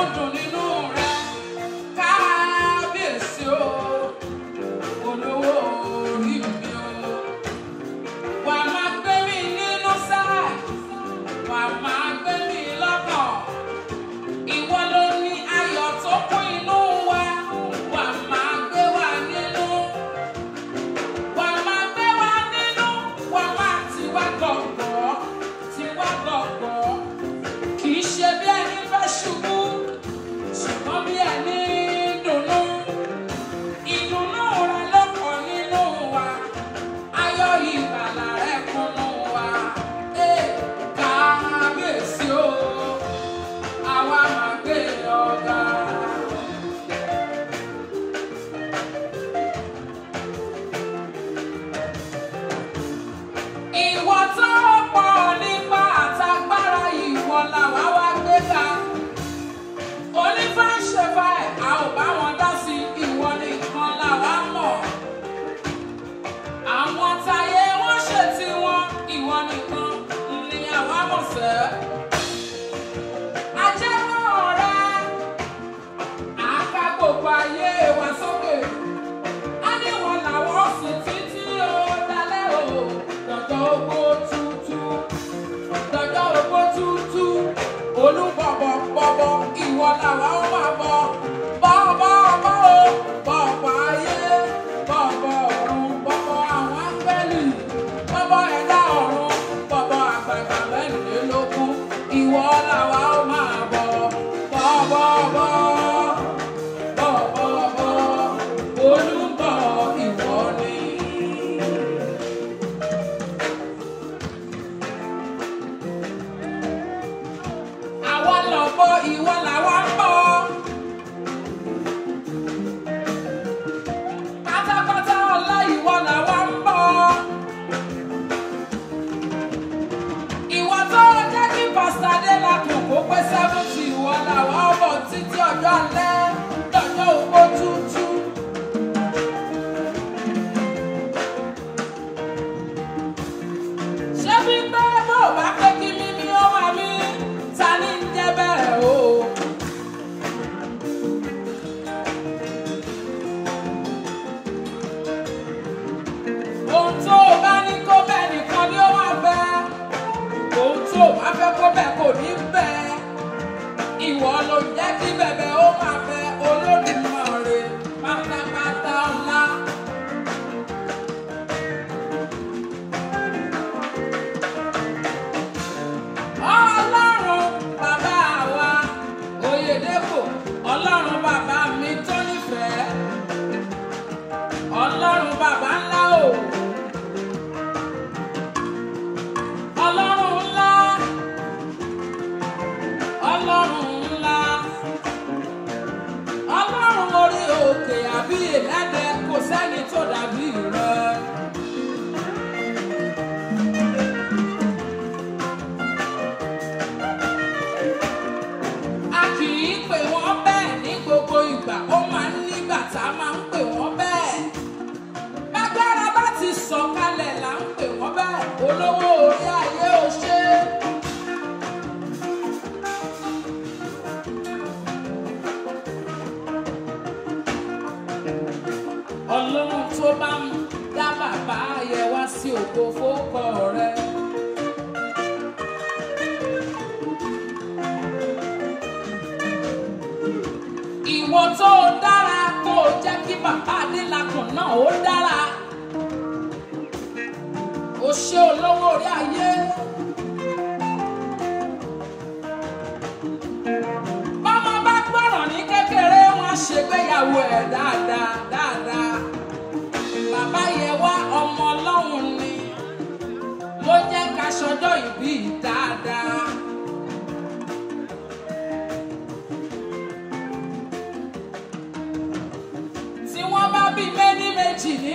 muito lindo. sẹ́ni tó dàbí ìwọ. sí ògo fókọ rẹ. ìwọ tó dára kó o jẹ́ kí bàbá adélakùn náà ó dára o ṣé olówó orí ayé. ṣègbéyàwó ẹ̀ dáadáa.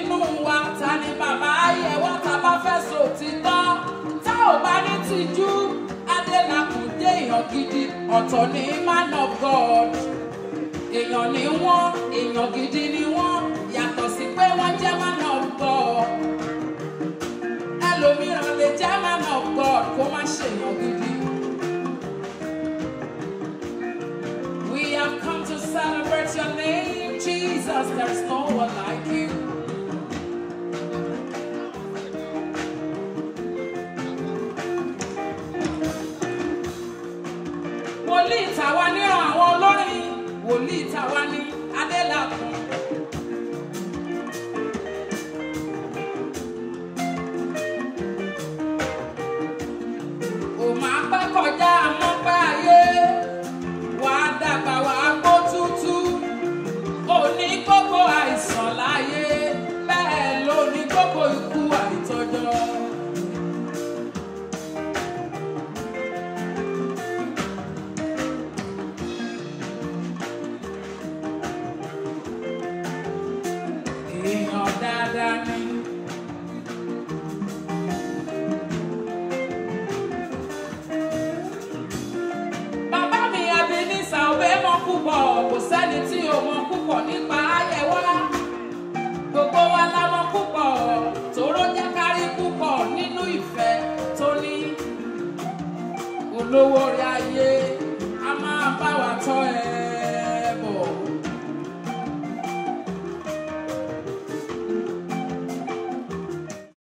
wa bàbá wa ta bá fẹ́ tá ò bá ní gidi ọ̀tọ̀ ni man of God ni wọ́n gidi ni wọ́n sí pé wọ́n jẹ́ man of God ẹlòmíràn lè jẹ́ man of God kó má gidi. We have come to celebrate your name, Jesus. There's no tàwa níran àwọn olórin wòlíì tàwa ní adélàkùn. púpọ̀ nípa ayẹ wa gbogbo wa la mọ púpọ̀ tóró jẹ́ ká rí púpọ̀ nínú ìfẹ́ tó ní olówó orí ayé a máa bá wa tọ́ ẹ.